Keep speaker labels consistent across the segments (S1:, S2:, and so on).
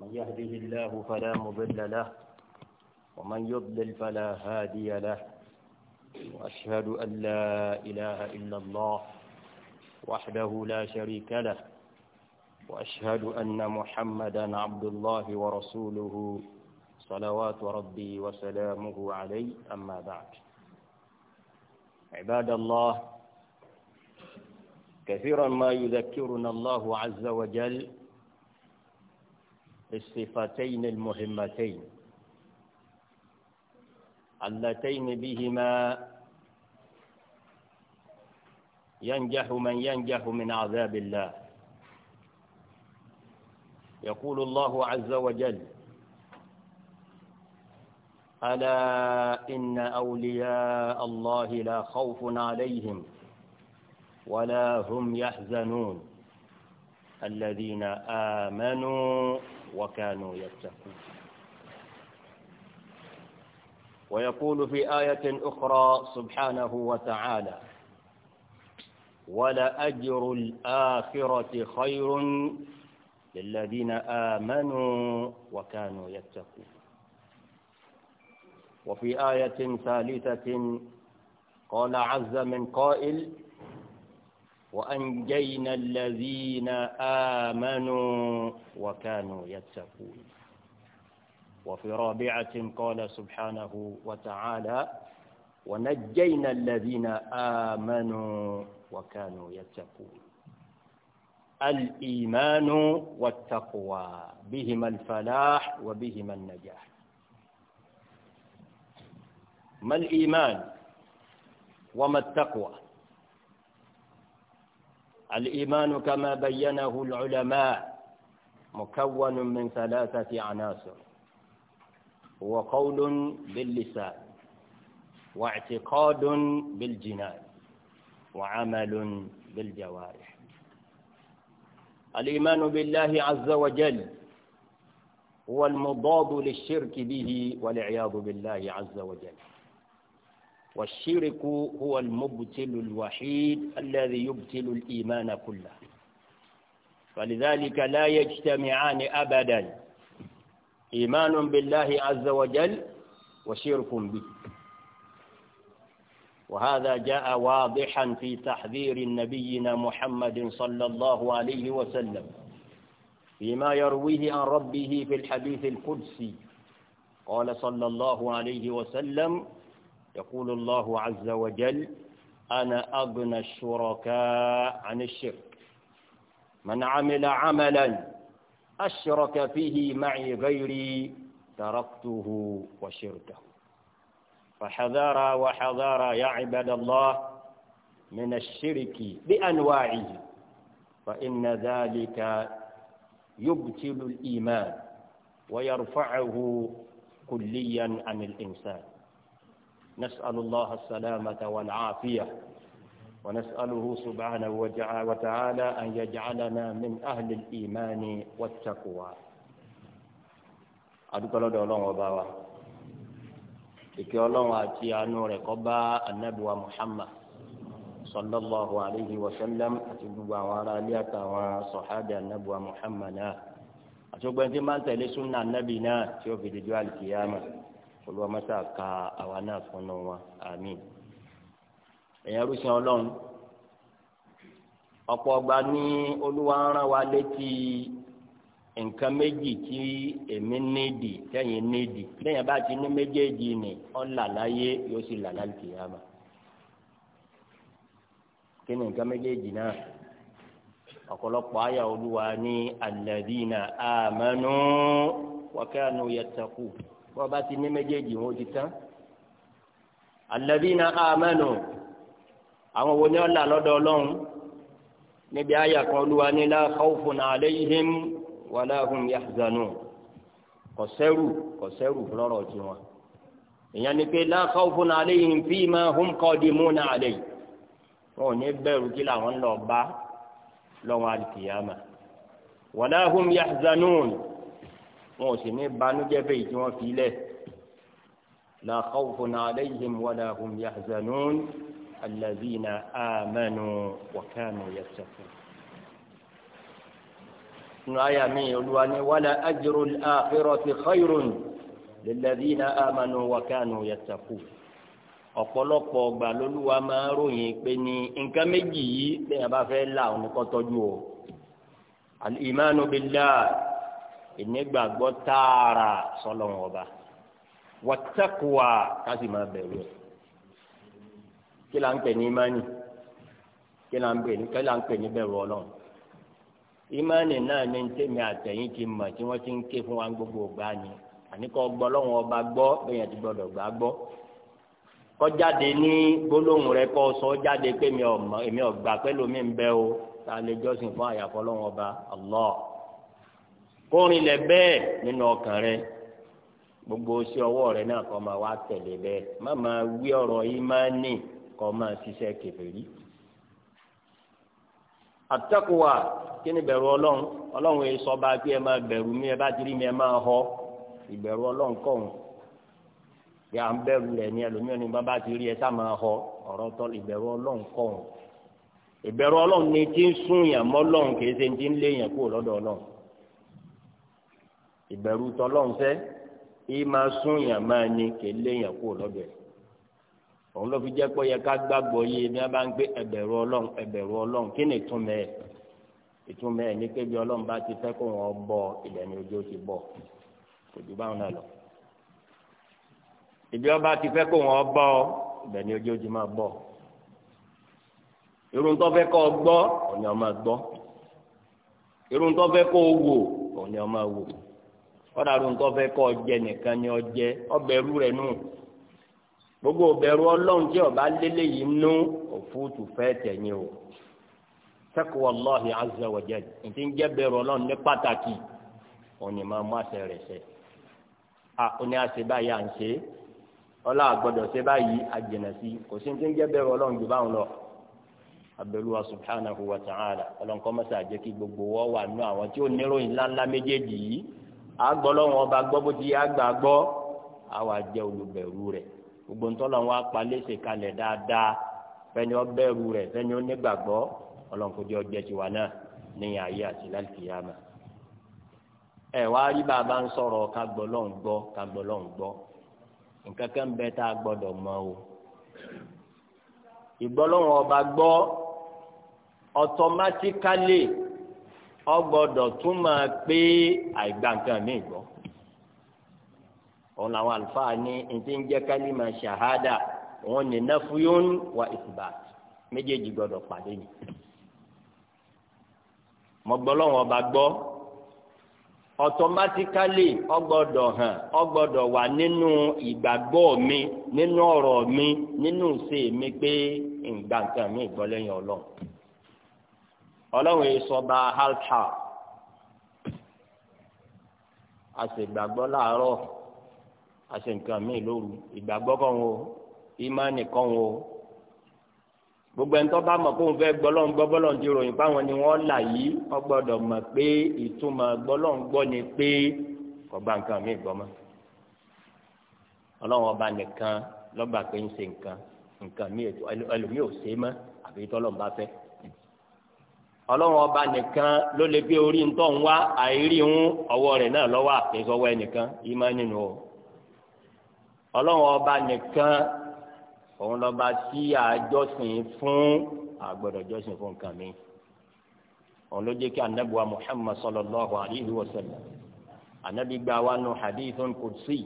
S1: من يهده الله فلا مضل له ومن يضلل فلا هادي له وأشهد أن لا إله إلا الله وحده لا شريك له وأشهد أن محمدا عبد الله ورسوله صلوات ربي وسلامه عليه أما بعد عباد الله كثيرا ما يذكرنا الله عز وجل الصفتين المهمتين اللتين بهما ينجح من ينجح من عذاب الله يقول الله عز وجل ألا إن أولياء الله لا خوف عليهم ولا هم يحزنون الذين آمنوا وكانوا يتقون ويقول في آية أخرى سبحانه وتعالى ولأجر الآخرة خير للذين آمنوا وكانوا يتقون وفي آية ثالثة قال عز من قائل وأنجينا الذين آمنوا وكانوا يتقون وفي رابعة قال سبحانه وتعالى ونجينا الذين آمنوا وكانوا يتقون الإيمان والتقوى بهما الفلاح وبهما النجاح ما الإيمان وما التقوى الإيمان كما بينه العلماء مكون من ثلاثة عناصر هو قول باللسان واعتقاد بالجنان وعمل بالجوارح الإيمان بالله عز وجل هو المضاد للشرك به والعياذ بالله عز وجل والشرك هو المبتل الوحيد الذي يبتل الإيمان كله فلذلك لا يجتمعان أبدا إيمان بالله عز وجل وشرك به وهذا جاء واضحا في تحذير نبينا محمد صلى الله عليه وسلم فيما يرويه عن ربه في الحديث القدسي قال صلى الله عليه وسلم يقول الله عز وجل أنا أغنى الشركاء عن الشرك من عمل عملا أشرك فيه معي غيري تركته وشركه فحذارا وحذارا يا عباد الله من الشرك بأنواعه فإن ذلك يبتل الإيمان ويرفعه كليا عن الإنسان نسأل الله السلامة والعافية ونسأله سبحانه وتعالى أن يجعلنا من أهل الإيمان والتقوى adúpẹ́ lọ́dọ̀ ọlọ́run ọba wa ìkẹ́ ọlọ́run àti àánú rẹ̀ kó bá anábìwa muhammad sallallahu alayhi wa sallam àti gbogbo àwọn ará ilé àtàwọn sọ̀hábì anábìwa muhammad náà àti gbogbo ẹni tí máa ń tẹ̀lé súnà anábì náà tí ó fi dìjọ́ àlìkìyàmà olùwàmọ́sá ka àwa náà fúnnu wọn àmín ẹ̀yin arúgbó ọlọ́run ọ̀pọ̀ ọgbà ní olúwa ń rán wa létí nǹkan méjì tí èmi nídìí tẹ̀yin nídìí lẹ́yìn bá ti ní méjèèjì ni ó là láyé yóò sì là láti yàrá kí ni nǹkan méjèèjì náà ọ̀pọ̀lọpọ̀ àyà olúwa ní alladhina amanu wa kanu yattaqu bó bá ti ní méjèèjì wọn ti tán alladhina amanu àwọn wo ni wọn là lọ́dọ̀ Ọlọ́run níbi àyà kan olúwa ní la khawfun alayhim wala hum yahzanun kọsẹrù kọsẹrù lọ́rọ̀ tiwọn ìyẹn ni pé la khawfun alayhim fima hum qadimuna alayhi wọn ò ní bẹ̀rù kí làwọn lọ bá lọ́wọ́ àlùkìyàmà wala hum yahzanun wọn ò sì ní banújẹ́ bẹ́ẹ̀ tí wọ́n fi lẹ̀ la khawfun alayhim wala hum yahzanun allazina amanu wa kanu yattaqun. nínú àyà mi olúwa ni wala ajrul akhirati khayrun lillazina amanu wa kanu yattaqun ọ̀pọ̀lọpọ̀ ọgbà lolúwa máa ròyìn pé ní nǹkan méjì yìí lèèyàn bá fẹ́ là òun kọ́ tọ́jú o al-imanu billah. ìnígbàgbọ́ tààrà sọlọ́wọ́n ọba wàtẹ́kùwà káṣí máa bẹ̀rù ẹ̀ kí là ń pè ní ìmánì kí là ń pè ní náà ní tèmi àtẹ̀yìn ti mọ̀ tí wọ́n ti ń ké fún wa gbogbo ni ọba gbọ́ bẹ́ẹ̀ ti gbọ́dọ̀ gbà gbọ́ kọjáde ní gbólóhùn rẹ kọ sọ jáde pé èmi ọgbà mi ta lè jọ́sìn fún àyàfọ́ kórin bẹ́ẹ̀ nínú ọkàn rẹ gbogbo iṣẹ́ ọwọ́ rẹ náà kó máa wá tẹ̀lé bẹ́ẹ̀ má máa wí ọ̀rọ̀ yìí máa nì kó máa ṣiṣẹ́ kèfèrí. àtẹ́kùwà kí ni bẹ̀rù ọlọ́run ọlọ́run yìí sọ bá ẹ máa bẹ̀rù mi ẹ bá ti rí mi ẹ máa họ ìbẹ̀rù ọlọ́run kọ̀ọ̀hún ń bẹ̀rù ni ẹlòmíràn bá bá ni ti ń sún yàn mọ́ ọlọ́run kì í ti ń kúrò lọ́dọ̀ ìbẹ̀rù tọlọ́run fẹ́ yìí máa sún yàn máa ní kéle yàn kúrò lọ́dọ̀ ẹ̀ òun ló fi jẹ́ pé yẹ ká gbàgbọ́ yìí bí wọ́n bá ń gbé ẹ̀bẹ̀rù ọlọ́run ẹ̀bẹ̀rù ọlọ́run kí ni ìtumọ̀ ẹ̀ ìtumọ̀ ẹ̀ ní kébi ọlọ́run bá ti fẹ́ kó wọn bọ ilẹ̀ ní ojú ó ti bọ̀ kò ju báwọn náà lọ ìbí ọba ti fẹ́ kó wọn bọ ibẹ̀ ojú ó ti máa bọ̀ irun tó fẹ́ kọ́ gbọ́ òun ni ọmọ kọ́dà ló ń kọ́ fẹ́ kọ́ jẹ nìkan ni ọjẹ́ ọbẹ̀rù rẹ̀ nù gbogbo ọbẹ̀rù ọlọ́run tí ọba lélẹ̀ yìí nú òfútu fẹ́ tẹ̀yìn o taqwa Allahi azza wa jal ntí ń jẹ́ bẹ̀rù ọlọ́run ní pàtàkì òní máa mú àṣẹ rẹ̀ ṣẹ a òní àṣẹ báyìí à ń ṣe ọlá àgbọ̀dọ̀ ṣe báyìí àjìnà sí kò sí ntí ń jẹ́ bẹ̀rù ọlọ́run jù báwọn lọ abẹ́lúwa subhanahu wa ta'ala ọlọ́nkọ́ mọ́sá àjẹ́kí gbogbo wọ́ wà nú àwọn tí ó níròyìn ńláńlá méjèèjì yìí agbọ́lọ́wọ́n ọba gbọ́ bó ti yá gbà gbọ́ àwa jẹ́ olùbẹ̀rù rẹ̀ gbogbo ntọ́lọ̀ wọn apalẹ́sẹ̀ kalẹ̀ dáadáa fẹ́ni ọbẹ̀rù rẹ̀ fẹ́ni onígbàgbọ́ ọlọ́nkọjọ́ ọjẹ́ tiwa náà ní ayé àti lálùkìyàmà. ẹ wá rí bàbá ń sọ̀rọ̀ ká gbọ́lọ́ gbọ́ ká gbọ́lọ́ gbọ́ nǹkan kan bẹ tá o. ìgbọ́lọ́wọ́n ọba gbọ́ ọ gbọ́dọ̀ tún máa pé àìgbà nǹkan míì gbọ ọ làwọn àlùfáà ní ntí ń jẹ́ kálímà ṣàhádà wọn ní náfúyún wa ìsìbàt méjèèjì gbọ́dọ̀ pàdé ni mo gbọ́ ọba gbọ ọtọmátíkálì ó gbọ́dọ̀ hàn ó gbọ́dọ̀ wà nínú ìgbàgbọ́ mi nínú ọrọ mi nínú ìṣe mi pé nǹkan mi gbọ lẹ́yìn Ọlọ́run. ọlọ́run isọba sọba a sì gbàgbọ́ láàárọ̀ a sì nǹkan míì lóru ìgbàgbọ́ kan o ìmánì kan o gbogbo ẹni tó bá mọ̀ kó ń fẹ́ gbọ́lọ́n gbọ́ bọ́lọ́n ti ròyìn fáwọn ni wọ́n là yìí wọ́n gbọ́dọ̀ mọ̀ pé ìtumọ̀ gbọ́lọ́n gbọ́ ni pé kò bá nǹkan míì gbọ́ mọ́ ọlọ́run ọba nìkan lọ́gbà pé ń ṣe nǹkan nǹkan míì ẹlòmíì ò ṣe ọlọ́run ọba nìkan ló lè gbé orí ńtọ́ ń wá àìrí ń ọwọ́ rẹ̀ náà lọ́wọ́ àtẹ̀sọ́wọ́ ẹnìkan ìmọ̀ nínú o ọlọ́run ọba nìkan òun lọ́ba tí àjọsìn fún àgbọ̀dọ̀ jọsìn fún nǹkan mi òun ló jẹ́ kí anabiwa muhammad sallallahu alayhi wa sallam anabi gba wa nù hadithun kùsì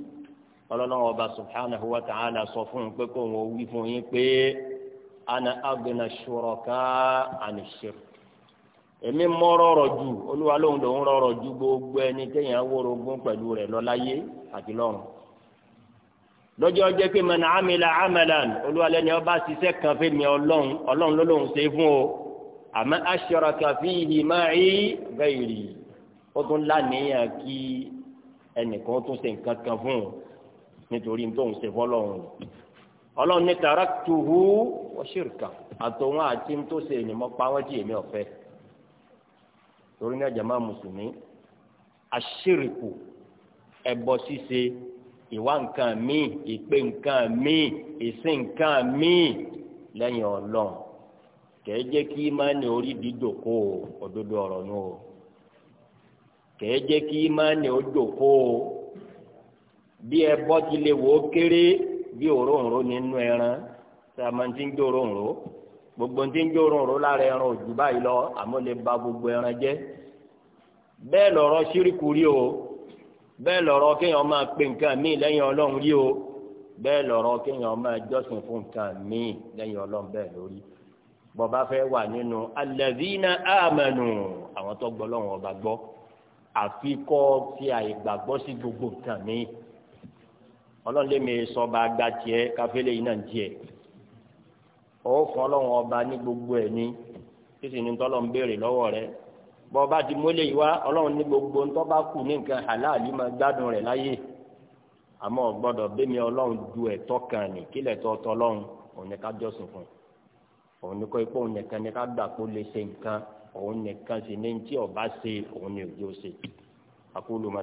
S1: ọlọ́run ọba subhanahu wa ta'ala sọ fún un pé kó wọn wí fún yín pé ana agbena shuraka ani shirk èmi mọ rọrọ ju olúwa lóhùn lòún rọrọ ju gbogbo ẹni kéèyàn wórogún pẹ̀lú rẹ̀ lọ́láyé àti lọ́run lọ́jọ́ jẹ́ pé mọ̀nà àmìlà àmàlàn olúwa lẹ́ni ọba ṣiṣẹ́ kan fẹ́ mi ọlọ́run ọlọ́run ló lóun ṣe fún o àmọ́ asharaka fihi ma'i ghairi ó tún lánìyàn kí ẹnìkan tún ṣe nǹkan kan fún un nítorí tóun ṣe fọlọ́run ọlọ́run ní taraktuhu wa shirka àtòun àti tó ṣe ènìmọ́ pa wọ́n jì èmi ọ̀fẹ́ torí náà jama mùsùlùmí àṣírìkù ẹbọ ṣíṣe ìwà nǹkan míì ìpè nǹkan míì ìsìn nǹkan míì lẹ́yìn Ọlọ́run kèé jẹ́ kí imáni orí dídòkó òdodo ọ̀rọ̀ nù o kèé jẹ́ kí imáni ó dòkó o bí ẹbọ ti lè wò ó kéré bí òróǹro nínú ẹran tí a máa ti ń gbé gbogbo ní ti ń jóró ọ̀rọ̀ lára ẹran òjò báyìí lọ àmọ́ lè ba gbogbo ẹran jẹ́ bẹ́ẹ̀ lọ̀rọ̀ ṣíríkù rí o bẹ́ẹ̀ lọ̀rọ̀ kéèyàn máa pe nǹkan míì lẹ́yìn ọlọ́run rí o bẹ́ẹ̀ lọ̀rọ̀ kéèyàn máa jọ́sìn fún nǹkan míì lẹ́yìn ọlọ́run bẹ́ẹ̀ lórí bọ́ba fẹ́ wà nínú alladhina amanu àwọn tó gbọ́ lọ́wọ́ ọba gbọ́ àfi ti àìgbàgbọ́ sí gbogbo nǹkan míì ọlọ́run lè mi sọ bá gbà tiẹ̀ yìí náà tiẹ̀ ọ̀ọ́kàn ọlọ́run ọba ní gbogbo ẹ̀ ní kí sì ní tọ́lọ́ ń béèrè lọ́wọ́ rẹ bọ́ ọba ti mọ́lẹ̀ yìí wá ọlọ́run ní gbogbo ń tọ́ba kù ní nǹkan halali máa gbádùn rẹ̀ láyé àmọ́ gbọ́dọ̀ bẹ́mi ọlọ́run du ẹ̀tọ́ kan ní kílẹ̀ tọ́ tọ́ ọlọ́run òun ní ká jọ́sìn fún òun ní kọ́ ipò òun nìkan ní ká gbà kó lè ṣe nǹkan òun nìkan sì ní tí ọba ṣe òun ní òjò ṣe. aqulu ma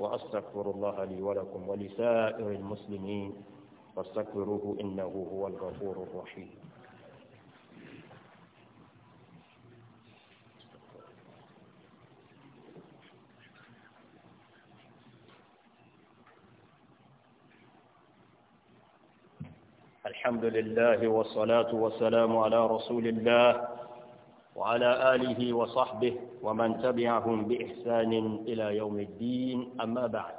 S1: wa astaghfirullah wa lakum wa muslimin. فاستغفروه إنه هو الغفور الرحيم الحمد لله والصلاة والسلام على رسول الله وعلى آله وصحبه ومن تبعهم بإحسان إلى يوم الدين أما بعد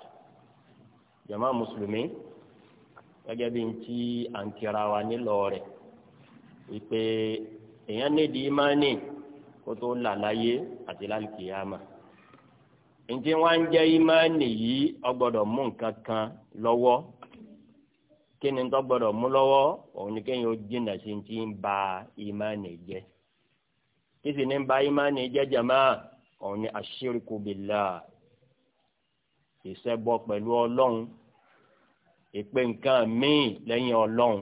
S1: جماعة مسلمين gẹ́gẹ́ bí n ti à ń kira wa nílò rẹ̀ wípé èèyàn nídìí ìmánì kó tó là láyé àti lálùkìyàmà ntí wọn ń jẹ ìmánì yìí ó mú nǹkan kan kí ni tó gbọ́dọ̀ mú òun ni kéèyàn ó jìnnà sí ti ń ba kí sì ní ń ba ìmánì jẹ́ jàmá òun ni pẹ̀lú Ọlọ́run ìpè nǹkan míì lẹ́yìn ọlọ́run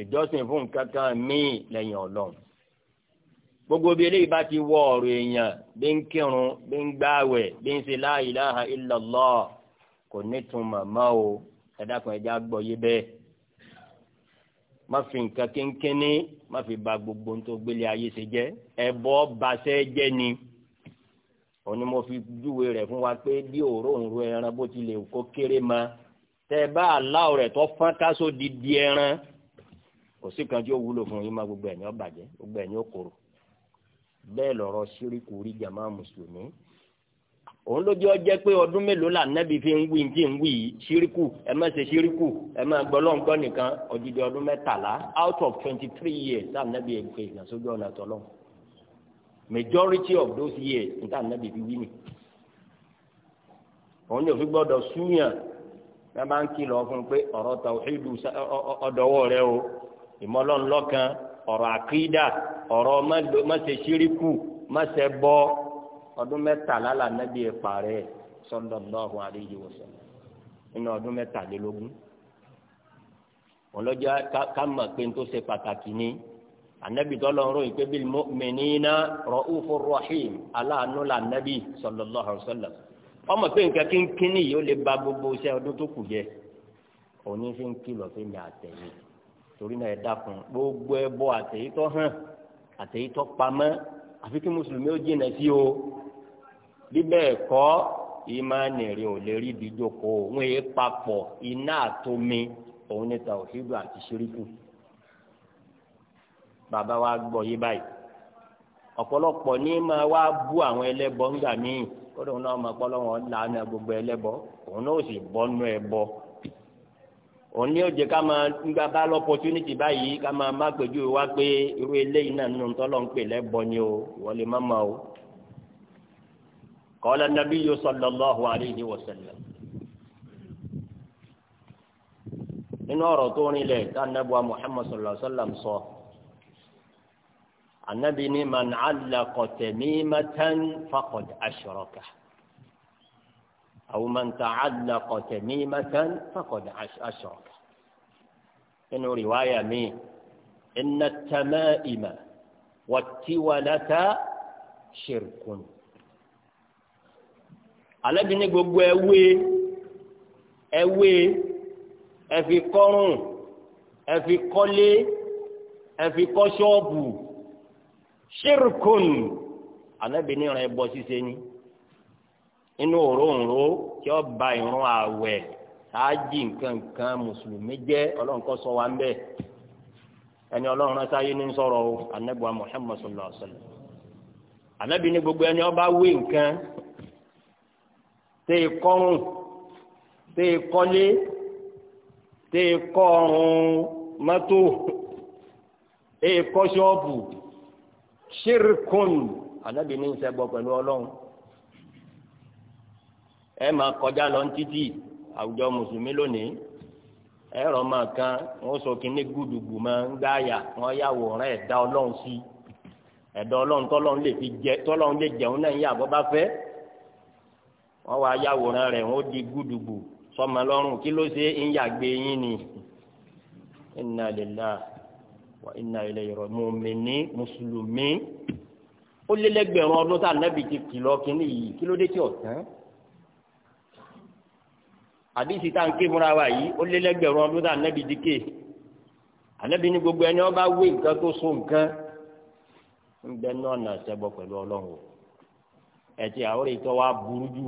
S1: ìjọsìn fún nǹkan kan míì lẹ́yìn ọlọ́run gbogbo bí eléyìí bá ti wọ ọ̀rọ̀ èèyàn bí ń kírun bí ń gbààwẹ̀ bí ń ṣe la ilaha illallah kò nítumọ̀ mọ́ o ẹ̀dá kan ẹja gbọ́ yé bẹ́ẹ̀ má fi nǹkan kínkínní má fi ba gbogbo tó gbélé ayé ṣe jẹ́ ẹ̀bọ baṣẹ́ jẹ́ ni òun ni mo fi júwe rẹ̀ fún wa pé bí òróǹro ẹran bó ti kó kéré máa tẹ bá aláwọ rẹ tó fọn káṣó di ẹran kò sí kan tí ó wúlò fún yín má gbogbo ẹ̀yìn ó gbogbo ẹ̀yìn bẹ́ẹ̀ síríkù rí mùsùlùmí òun ló jẹ́ ọ jẹ́ pé fi ń wí nwi ń wí síríkù ẹ má ṣe síríkù ẹ odidi ọdún mẹ́tàlá out of twenty three years tá nẹ́bi èké ìgbàsójú ọ̀nà tọ́lọ́ majority of those years tá nẹ́bi fi wí òun náà máa ń kìlọ̀ fún un pé ọ̀rọ̀ tàwíìdù ọ̀dọ̀wọ́ rẹ o ìmọ̀lọ́nlọ́kan ọ̀rọ̀ àkídà ọ̀rọ̀ mọ̀sẹ̀ síríkù mọ̀sẹ̀ bọ́ ọdún mẹ́tàlá là nàbí ẹ̀pà rẹ sallallahu alaihi wasallam nínú ọdún mẹ́tàlélógún wọn lọ́jọ́ ká mọ̀ pé n tó ṣe pàtàkì ni anabi tọlọrọ ìpè bil mu'minina ra'ufur rahim aláàánú là nàbí sallallahu alaihi ọmọ pé nǹkan kínkínní yìí ó lè ba gbogbo iṣẹ́ ọdún tó kù jẹ òní fi ń kìlọ̀ fún mi àtẹ̀yìn torí náà ẹ dákun gbogbo ẹbọ àtẹ̀yìn tó hàn àtẹ̀yìn tó pamọ́ àfi kí mùsùlùmí ó jìnà sí o bí bẹ́ẹ̀ kọ́ ìmánì rẹ̀ ò lè rí ìdíjoko òun èé papọ̀ iná àtomi òun ní tàwùsídù àti ṣíríkù bàbá wa gbọ́ yí báyìí ọ̀pọ̀lọpọ̀ ní máa wá bú àwọn ẹlẹ́bọ ńgbà míì kódà òun náà mọ̀ pé ọlọ́wọ́n làánú gbogbo ẹlẹ́bọ òun náà sì bọ́nú ẹ bọ́ òun ní òjè ká máa gba bá lọ́pọ̀túnìtì báyìí ká máa má gbèjú pé irú eléyìí náà ń pè ni o ma o. قال النبي صلى الله عليه وسلم inú ọ̀rọ̀ tó rinlẹ̀ tá a nẹ́bùa Muhammad anabi ni man allaqa tamimatan faqad ashraka aw man ta'allaqa tamimatan faqad ashraka inu riwaya mi inna at-tama'ima wat-tiwalata shirkun alebi ni gbogbo ẹwé ẹwé ẹfi kọrùn ẹfi kọ́lé ẹfi kọ́ ṣọ́ọ̀bù. ṣírkùn ànábì ní ìran ẹbọ ni inú òróǹro tí ó ba ìrun ààwẹ̀ sáájì nǹkan mùsùlùmí jẹ́ sọ wa ń ẹni ọlọ́run rán sáyé ní sọ̀rọ̀ o ànábì gbogbo ẹni ó wé tẹ tẹ ṣírkùn ànábì ní ìṣẹ́gbọ́ pẹ̀lú ọlọ́run ẹ máa kọjá lọ títí àwùjọ mùsùlùmí lónìí ẹ̀rọ máa kan wọ́n sọ kínní gùdùgbù máa ń gbáyà wọ́n yàwòrán ẹ̀dá ọlọ́run sí ẹ̀dá ọlọ́run tọ́lọ́run lè fi jẹ tọ́lọ́run lè jẹun náà yà bọ́ bá fẹ́ wọ́n wá yàwòrán rẹ̀ wọ́n di gùdùgbù sọmọ kí ló ṣe ń yàgbé yín ni inna lillahi wà iná ilé yọrọ mùmíní mùsùlùmí ó lé lẹ́gbẹ̀rún ọdún tá ànábì ti kìlọ̀ kínní yìí kí ló dé tí ọ̀tán àdìsí tá à ń ké múra wa yìí ó lé lẹ́gbẹ̀rún ọdún tá ànábì ti ké ànábì ní gbogbo ẹni wọn bá wé nǹkan so nǹkan ń bẹ náà nà ṣẹbọ pẹ̀lú Ọlọ́run ẹtì àwọn ètò wa burú jù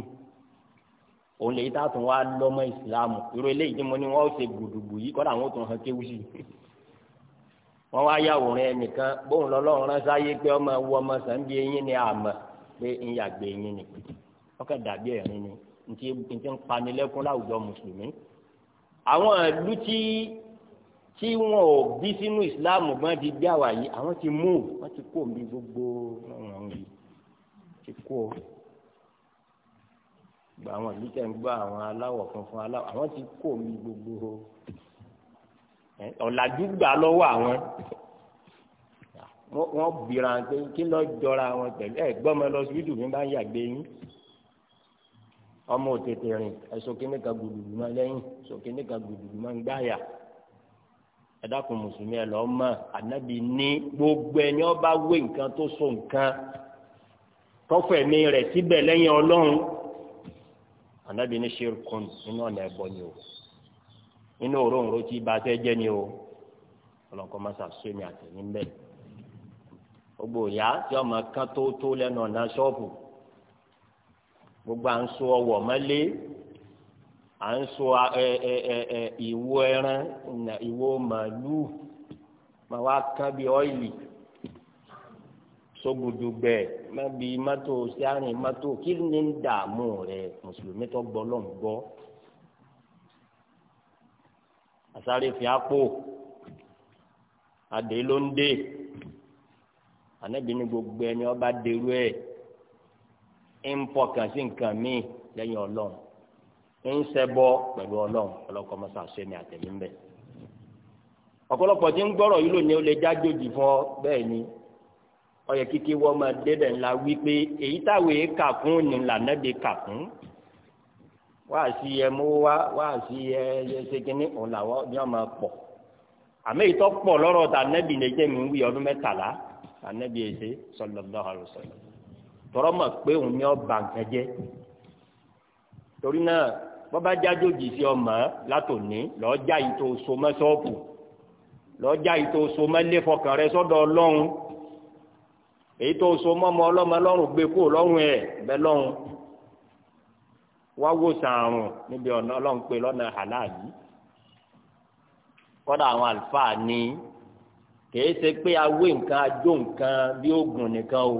S1: òun lè tá a tún wá lọ́mọ ìsìlámù irú eléyìí tí mo ní wọn ṣe gbòdògbò yìí kọ́ wọn wá yàwòrán ẹnìkan bóun lọ́lọ́run rán sáyé pé ọmọ wu ọmọ sàn bí eyín ni àmọ́ pé ń yàgbé eyín ni ọkàn dàbí ẹ̀rín ni ntí ntí ń panilẹ́kún láwùjọ mùsùlùmí àwọn ìlú tí tí wọn ò bí sínú ìsìláàmù gbọ́n ti bí àwà yìí àwọn ti mú wọn ti kó mi gbogbo ọ̀ràn yìí ti kó o gba àwọn ìlú tẹ̀ ń gbọ́ àwọn aláwọ̀ funfun aláwọ̀ àwọn ti kó mi gbogbo o ọ̀làjú gbà lọ́wọ́ àwọn wọ́n bìrà pé kí lọ́ọ́ jọra wọn pẹ̀lú ẹ̀ gbọ́ ọmọ lọ sí ìdùnnú mi bá ń yàgbé yín ọmọ òtètè rìn ẹ̀sùn kínní kan gbùdùgbù máa lẹ́yìn ẹ̀sùn kínní kan gbùdùgbù máa ń gbáyà ẹ̀dákun mùsùlùmí ẹ̀ lọ́ọ́ mọ̀ ànábì ní gbogbo ẹni ọba wé nǹkan tó so nǹkan tọ́fẹ̀mí rẹ̀ síbẹ̀ lẹ́yìn ọlọ́run ànábì ní ṣe kùn nínú ọ̀nà ẹ̀bọ ni o. inú òróǹro tí ba tẹ́ jẹ́ ni o ọlọ́nkọ́ mọ́sá sómi àtẹ̀yìn bẹ́ẹ̀ gbogbo ìyá tí ọmọ kan tó tó lẹ́nu ọ̀nà ṣọ́ọ̀bù gbogbo à ń so ọwọ́ mọ́lé à ń so ìwo ẹran ìwo màlúù mà wá kán bí ọ́ìlì sógudugbẹ mẹbi mọ́tò sí àárín kí ni ń dààmú rẹ mùsùlùmí tó gbọ́ lọ́n asáré fi àpò adé ló ń dé anabi ní gbogbo ẹni ọba dèrú ẹ ń pọ kàn sí nǹkan míì lẹ́yìn Ọlọ́run ń ṣẹbọ pẹ̀lú Ọlọ́run ọlọkọ mọsà sẹmi àtẹmí ń bẹ ọ̀pọ̀lọpọ̀ tí ń gbọ́rọ̀ yìí lónìí ó lè jájòjì fún ọ bẹ́ẹ̀ ni ọyẹ kíkí wọn máa débẹ̀ ńlá wípé èyí táwọn èé kà fún ni lànà bí kà fún wáàsí ẹ mówó wá wáàsí ẹ ṣe kínní òun làwọn ní ọmọ pọ̀ àmì ìtọ́ pọ̀ lọ́rọ̀ tà nẹ́bì lè jẹ́ mi wí ọdún mẹ́tàlá tà nẹ́bì èsè sallallahu alaihi wasallam tọrọ mọ̀ pé òun ní ọba nǹkan jẹ́ torí náà bọ́bá jájòjì sí ọmọ látòní lọ́ọ́jà ìtò somọ́ sọ́ọ̀pù lọ́jà yìí tó so mẹ́lẹ́ fọkàn rẹ sọ́dọ̀ ọlọ́run èyí tó so mọ́mọ́ ọlọ́mọ ọlọ́run gbé kó lọ́rùn ẹ̀ bẹ́ẹ̀ lọ́run wá wò sàrùn níbi ọ̀nà ọlọ́ǹpẹ lọ́nà àláàyè kọ́dà àwọn àlùfáà ní kìí ṣe pé awé nǹkan ajó nǹkan bí oògùn nìkan o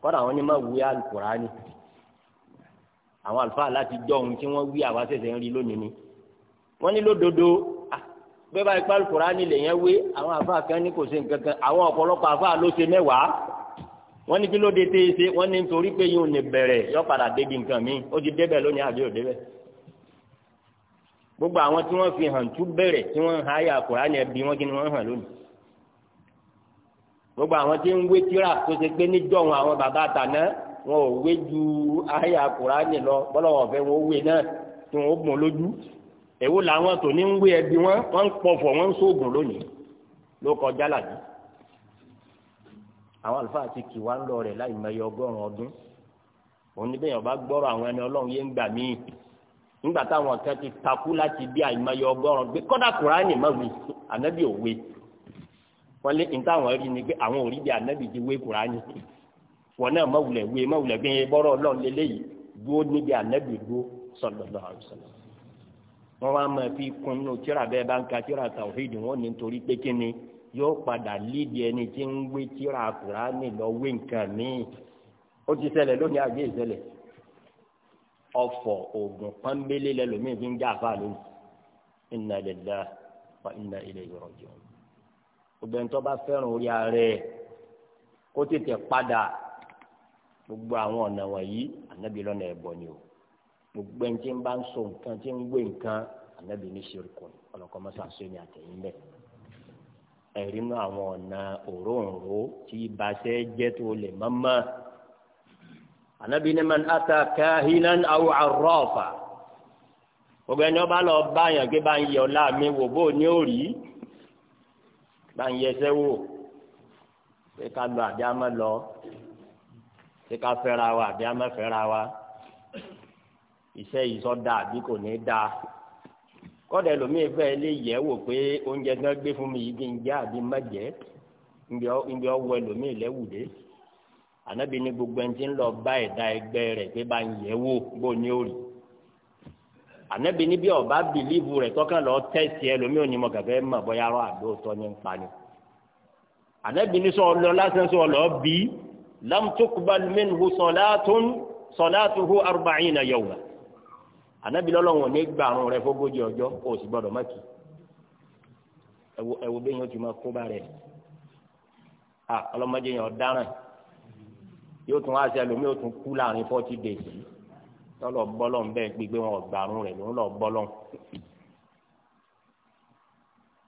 S1: kọ́dà àwọn onímọ̀ wí àlùkùránì àwọn àlùfáà láti jọ ohun tí wọ́n wí àwa ṣẹ̀ṣẹ̀ ń rí lónìí ni wọ́n ní lódodo bẹ́ẹ̀ bá ipá àlùkùránì lèyẹn wé àwọn àfáà kan ní kò ṣe nǹkan kan àwọn ọ̀pọ̀lọpọ̀ àfáà ló ṣe mẹ́wàá wọ́n ní kí ló dé tẹ́ ṣe wọ́n ní nítorí pé yóò lè bẹ̀rẹ̀ yọ padà débi nǹkan mi ó ti débẹ̀ lónìí àbí ò débẹ̀ gbogbo àwọn tí wọ́n fi hàn tú bẹ̀rẹ̀ tí wọ́n ha yà Kùránì ẹbí wọn kí ni wọ́n hàn lónìí gbogbo àwọn tí ń wé tíra tó ṣe pé níjọ́ wọn àwọn bàbá àtàná wọn ò wé ju àyà Kùránì lọ bọ́lọ̀wọ̀ fẹ́ wọn ó wé náà tí wọn ó gbọ̀n lójú èwo làwọn tò ní ń wé ẹbí wọn wọn ń pọ̀fọ̀ wọn ń sóògùn lónìí ló kọjá làdí àwọn àlùfáà ti kì wá ń lọ rẹ̀ láì mẹyọ ọgọ́rùn ọdún òun ní bá àwọn ẹni Ọlọ́run yé ń gbà míì nígbà táwọn kan ti takú láti bí àìmọye ọgọ́rùn gbé kùránì wí ànábì òwe wọn lé rí ni pé àwọn ànábì ti wé kùránì wọn náà wé gbé bọ́rọ̀ fi kún tíra bá ń ka tíra wọn yóò padà lídìí ẹni tí ń gbé tíra kùránì lọ wé nǹkan míì ó ti ṣẹlẹ̀ lónìí àgbé ìṣẹlẹ̀ ọ̀fọ̀ oògùn pọ́nbélé lẹ́lòmíì fi ń já àfa lónìí inna lillahi wa inna ilayhi raji'un obìnrin tó bá fẹ́ràn orí ààrẹ kó tètè padà gbogbo àwọn ọ̀nà wọ̀nyí ànábì lọ́nà ẹ̀bọ ni o gbogbo ẹni tí ń bá ń sọ nǹkan tí ń gbé nǹkan ànábì ní ṣe kùn ọlọ́kọ́ mọ́sàásó ni àtẹ̀yìn bẹ́ẹ̀ ẹ̀rí nu àwọn ọ̀nà òróǹro tí ìbáṣẹ́ jẹ́ tó lè mọ́mọ́. ànábi man ata kahinan aw arrafa gbogbo ẹni ọba lọ bá yàn gé bá ń yẹ ọlá mi wò bó ní òrí bá ń yẹsẹ wò ṣé ká lọ àbí àmọ́ lọ ṣé ká fẹ́ra wa àbí àmọ́ fẹ́ra wa iṣẹ́ yìí àbí kò ní dáa kọ́dà ẹlòmíì fẹ́ lè yẹ̀ wò pé oúnjẹ gan gbé fún mi yìí kí n jẹ́ àbí má jẹ́ ǹbí ọwọ́ ẹlòmíì lẹ́wùdé ànábi ní gbogbo ẹni tí ń lọ bá ẹ̀dá ẹgbẹ́ rẹ̀ pé bá ń yẹ̀ wò bó ní òrì ànábi ní bí ọba bìlíìfù rẹ̀ tọ́kàn lọ tẹ̀sí ẹlòmíì òní mọ̀ mọ̀ bóyá rọ àdóòtọ́ ní npa ni ànábi ní sọ lọ lásán sọ lọ bí lam tuqbal minhu salatun salatuhu arba'ina yawma ànábì lọ́lọ́wọ̀n ní gbàrún rẹ fógójì ọjọ́ kò sì gbọ́dọ̀ má kì ẹ̀wò ẹ̀wò bẹ́yìn ojú máa kó bá rẹ̀ à ọlọ́mọdé yẹn ọ̀daràn yóò tún wá sí ẹlòmíì yóò tún kú láàrin forty days lọ́lọ́ bọ́lọ́ bẹ́ẹ̀ gbígbé wọn gbàrún rẹ̀ lòún lọ́ bọ́lọ́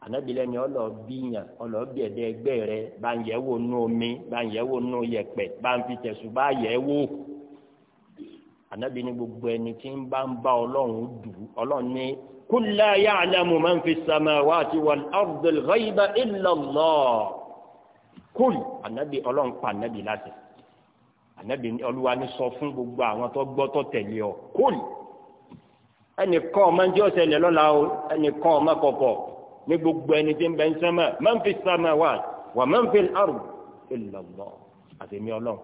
S1: ànábì lẹ́ni ọlọ́ bíyàn ọlọ́ bí ẹ̀dẹ́ ẹgbẹ́ rẹ bá ń yẹ̀ wò nú omi bá ń yẹ̀ nú yẹ̀pẹ̀ bá ń fi tẹ̀sùn bá yẹ̀ ànábì ní gbogbo ẹni tí ń bá ń bá ọlọ́run dù ọlọ́run ní kul la ya'lamu man fi samawati wal ardi al-ghayba illa Allah kul ànábì ọlọ́run pa ànábì láti ànábì olúwa ní sọ fún gbogbo àwọn tó gbọ́ tó tẹ̀lé ọ kul ẹnìkan ọmọ ní ọ̀sẹ̀ lẹ̀ lọ́la o ẹnìkan ọmọ kọ̀kọ̀ ní gbogbo ẹni tí ń bẹ ń sẹ́mẹ̀ man fi samawati wa man fil ardi illa Allah àtẹ̀mí ọlọ́run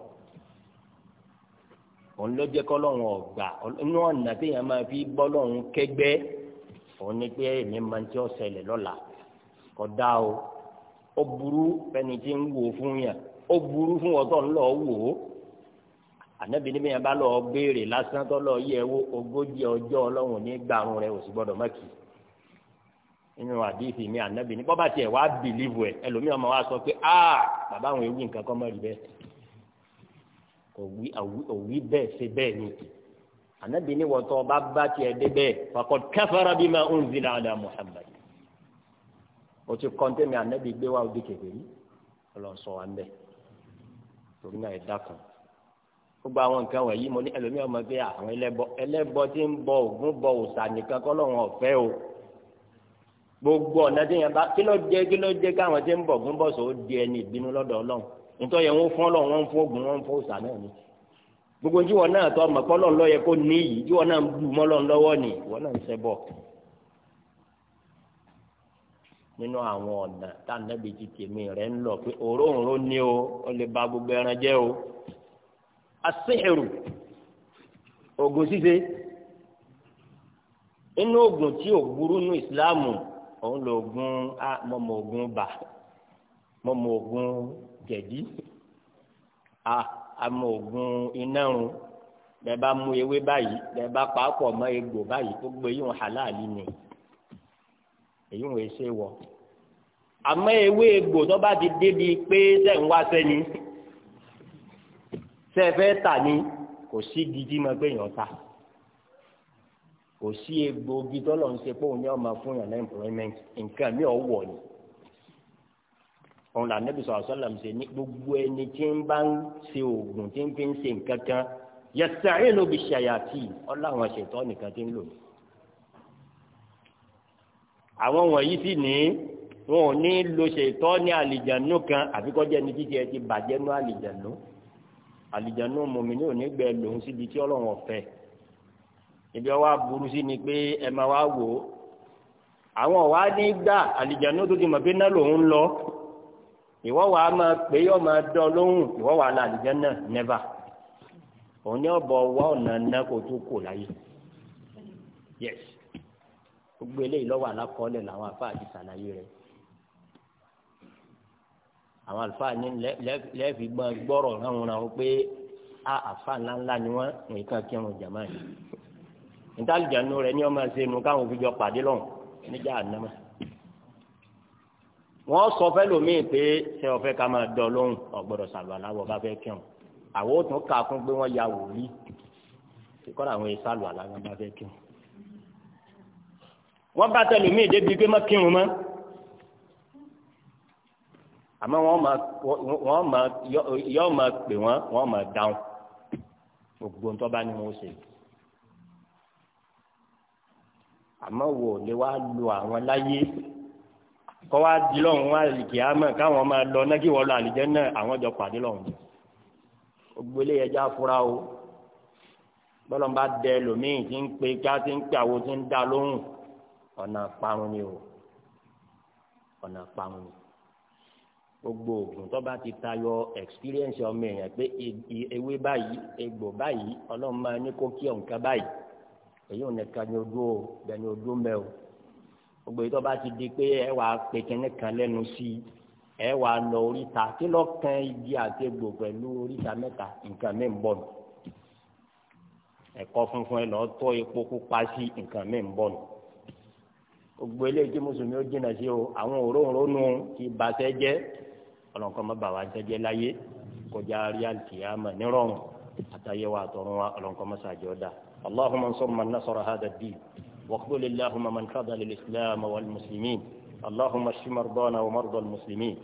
S1: òun ló jẹ́ kọ́lọ́hún ọ̀gbà inú ọ̀nà téèyàn máa fi bọ́lọ́hún kẹgbẹ́ òun ni pé èmi máa ń tí ó ṣẹlẹ̀ lọ́la kódà o ó burú fẹ́ni tí ń wò fún yàn ó burú fún ọ̀tọ̀ ńlọ wò ó ànábì níbi yẹn bá lọ béèrè lásán tó lọ yẹ wo ogójì ọjọ́ ọlọ́run ní gbàrún rẹ ò gbọ́dọ̀ mọ́kì nínú àdìsí mi ànábì ní bọ́bá tiẹ̀ wá bìlíìfù ẹ̀ ẹlòmíràn máa wá sọ pé a bàbá àwọn ewu nǹkan kọ́ mọ́ rí bẹ́ẹ̀ òwí òwí bẹ́ẹ̀ ṣe bẹ́ẹ̀ ni anabi ni wọ́n tọ́ bá bá tiẹ̀ dé bẹ́ẹ̀ faqad kafara bima unzila ala muhammad o ti kọ́ńté mi anabi gbé wa òbí kékeré ọlọ́sọ wa ń bẹ̀ torí náà ẹ̀ dákun gbogbo àwọn nǹkan wọ̀nyí mo ní ẹlòmíràn máa fi àwọn ẹlẹ́bọ ẹlẹ́bọ tí ń bọ ògún bọ òòṣà nìkan kọ́ lọ́wọ́n ọ̀fẹ́ o gbogbo ọ̀nà tí yẹn bá kí ló jẹ́ kí ló jẹ́ káwọn tí ń bọ ògún bọ̀ sọ ó di ẹni ìbínú lọ́dọ̀ ọlọ́run nítorí yẹn wọ́n fún ọ lọ wọ́n fún ogun wọ́n fún òòsà náà ni gbogbo jíwọ náà tọ ọmọ kọlọ ńlọ yẹ kó ní yìí jíwọ náà ń bu mọlọ ńlọwọ ni ìwọ náà ń ṣẹbọ nínú àwọn ọ̀nà tá a nẹ́bi ti tèmi rẹ̀ ń lọ pé òróǹro ni o ó lè ba gbogbo ẹran jẹ́ o asíhìrù oògùn ṣíṣe inú oògùn tí ò burú nínú ìsìláàmù òun lòògùn a mọ̀mọ́ oògùn bà mọ̀mọ́ oògùn jẹ̀dí a àmọ́ oògùn iná run bẹ́ẹ̀ bá mú ewé báyìí bẹ́ẹ̀ bá pàápọ̀ mọ́ egbò báyìí gbogbo èyí wọn halali ni èyí wọn èsè wọ àmọ́ ewé egbò tó bá ti débi pé sẹ ń wá sẹni sẹ fẹ́ tà ni kò sí gidi mọ pé èèyàn ta kò sí egbò gidi tó lọ ń ṣe pé òun yóò máa fún yàn ní nǹkan mi ò wọ ni òun la nẹ́bí sọ̀rọ̀ sọ́lá mi ni ní gbogbo ẹni tí ń bá ń ṣe oògùn tí ń fi ń ṣe nǹkan kan yẹsẹ̀ ayé ló fi ṣàyàtì ọláwọn ṣètọ́ nìkan ti ń lò. àwọn wọ̀nyí sì ní wọn ò ní lo ṣètọ́ ní àlìjànú kan àfikọ́jẹ́ ní títí ẹ ti bàjẹ́ ní àlìjànú àlìjànú mọ̀mìnì ò ní gbẹ lòun síbi tí ọlọ́run ọ̀fẹ́ ibi ọwọ́ aburú sí ni pé ẹ máa wá wò ó àwọn ọ̀wá ní gbà àlìjànú tó ti mọ̀ pé náà lòun lọ ìwọ wàá máa pè é yóò máa dán lóhùn ìwọ wàá la àlùjánnà nẹ́bà òun ní ọ̀bọ̀ wá ọ̀nà ná kó tó kò láyé yes gbogbo eléyìí lọ́wọ́ alákọọ́lẹ̀ làwọn àfáà ti ṣàlàyé rẹ̀ àwọn àlùfáà ní lẹ́ẹ̀fì gbọ́n gbọ́rọ̀ ráhùn ráhùn pé a àfa ńláńlá ni wọ́n rìn kan kírun jàmáà yìí níta àlùjánu rẹ̀ ní ọmọ ẹsẹ̀ nu káwọn òfin pàdé lọ́hùn níjà ànámọ́ wọ́n sọ fẹ́ lómìn pé ṣé ọ̀fẹ́ ká máa dán lóhùn ọ̀gbọ́dọ̀ sàlùwàlá wọ bá fẹ́ kírun àwọn ò tún kà á kún pé wọ́n ya wòlíì kíkọ́ra àwọn sàlùwàlá wọn bá fẹ́ kírun. wọ́n bá tẹ̀lé mi débi pé má kírun mọ́ àmọ́ wọ́n máa wọ́n máa yọ máa pè wọ́n wọ́n máa dáhùn gbogbo ńtọ́ bá ní wọn ó ṣe. àmọ́ wò lè wá lu àwọn láyé kọ́ wá di lọ́hùn wá kìámọ̀ káwọn máa lọ náà kí wọ́n lọ àlùjánnà àwọn jọ pàdé lọ́hùn. gbogbo ilé ẹja fura o bọ́lọ̀ bá dẹ lòmíì tí ń pe ká tí ń pe àwo tí ń dá lóhùn ọ̀nà parun ni o ọ̀nà parun ni gbogbo oògùn tó bá ti tayọ experience ọmọ èèyàn pé e, e, ewé báyìí egbò báyìí ọlọ́run máa ní kó kí ọ̀nkà báyìí èyí ò ní ká ní ojú o bẹ́ẹ̀ ni ojú mẹ́ o. gbogbo yìí tó bá ti di pé ẹ wàá pe kínní kan lẹ́nu sí i ẹ wàá lọ oríta kí lọ́ọ́ kan igi àti egbò pẹ̀lú oríta mẹ́ta nǹkan mi ń bọ̀ nù funfun ẹ lọ́ọ́ tọ́ epo pupa sí nǹkan mi ń bọ̀ nù gbogbo eléyìí tí mùsùlùmí ó jìnnà sí o àwọn òróǹro ti bàtẹ́ jẹ́ ọlọ́nkọ́ má bàa wá jẹ́jẹ́ láyé kọjá rí àlùkìyàmà nírọ̀rùn àtàyẹ̀wò àtọ̀run wa má sàjọ́ dà allahumma nasọ̀rọ̀ وقل اللهم من فضل الإسلام والمسلمين اللهم اشف مرضانا ومرضى المسلمين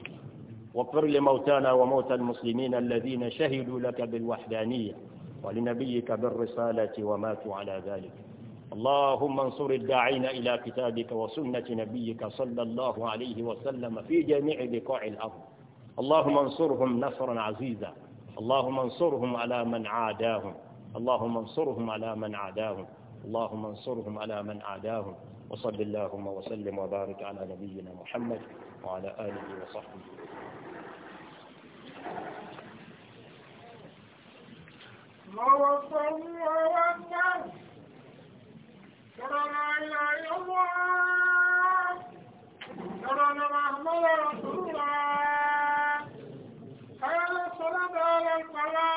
S1: واغفر لموتانا وموتى المسلمين الذين شهدوا لك بالوحدانية ولنبيك بالرسالة وماتوا على ذلك اللهم انصر الداعين إلى كتابك وسنة نبيك صلى الله عليه وسلم في جميع بقاع الأرض اللهم انصرهم نصرا عزيزا اللهم انصرهم على من عاداهم اللهم انصرهم على من عاداهم اللهم انصرهم على من عاداهم وصل اللهم وسلم وبارك على نبينا محمد وعلى آله وصحبه
S2: Thank you.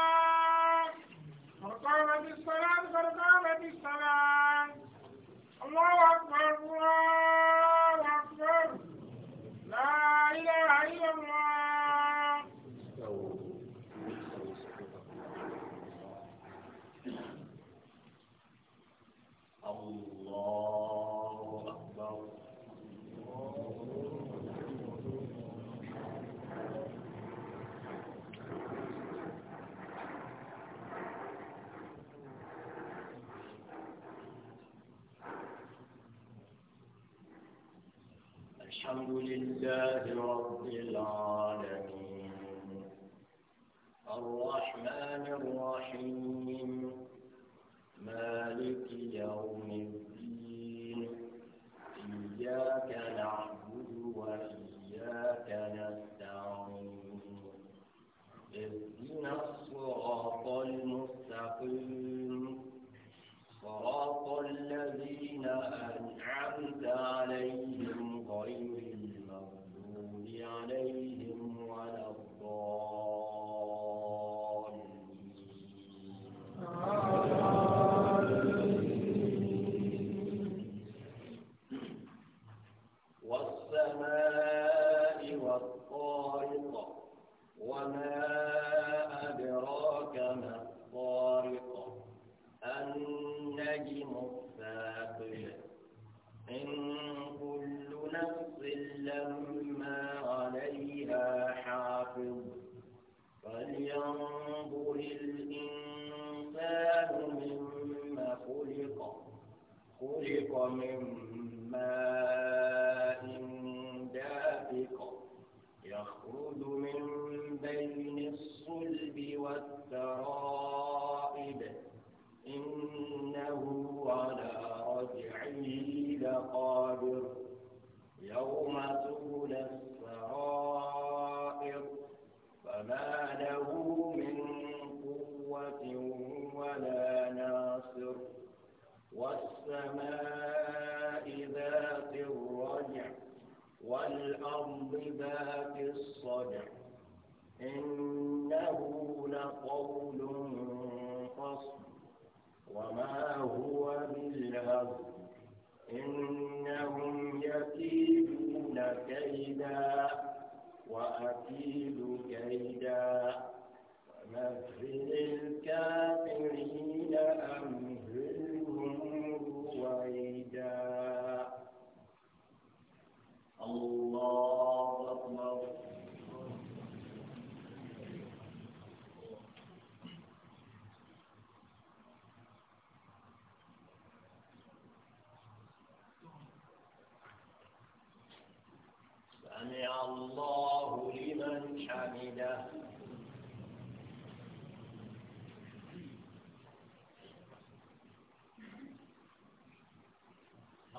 S2: الحمد لله رب العالمين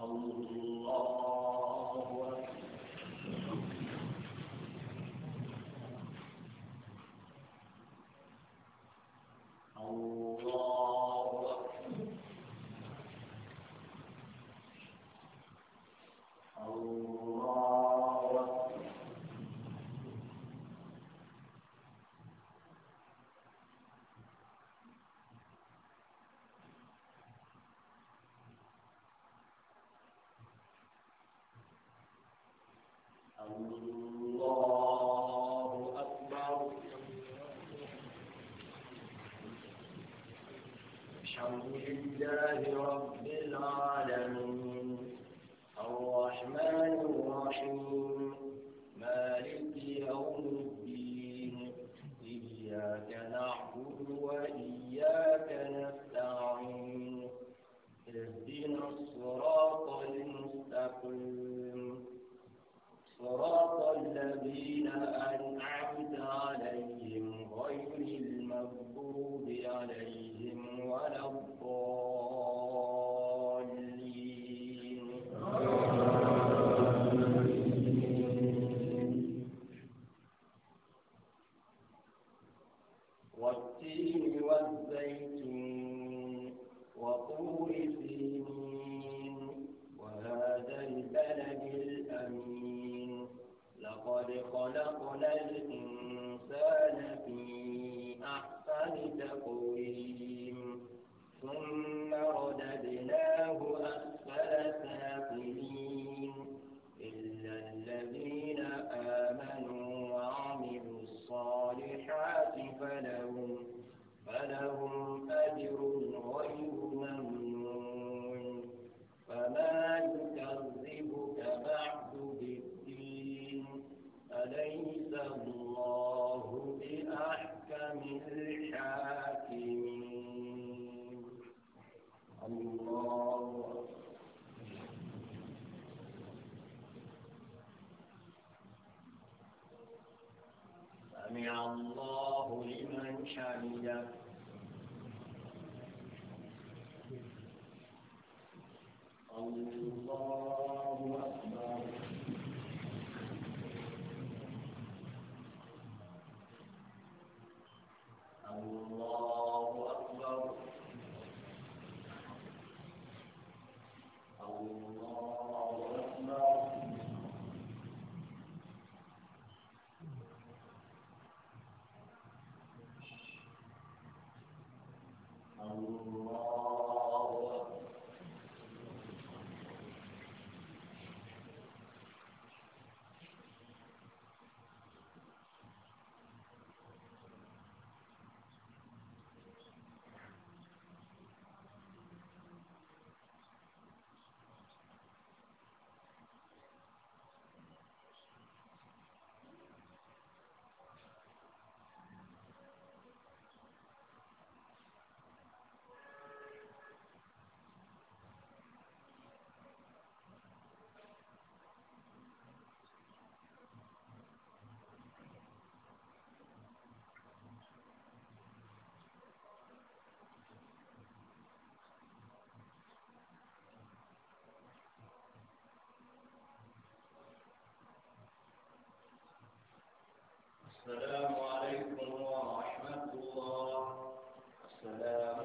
S2: أعوذ بالله الحمد لله الله السلام عليكم ورحمة الله السلام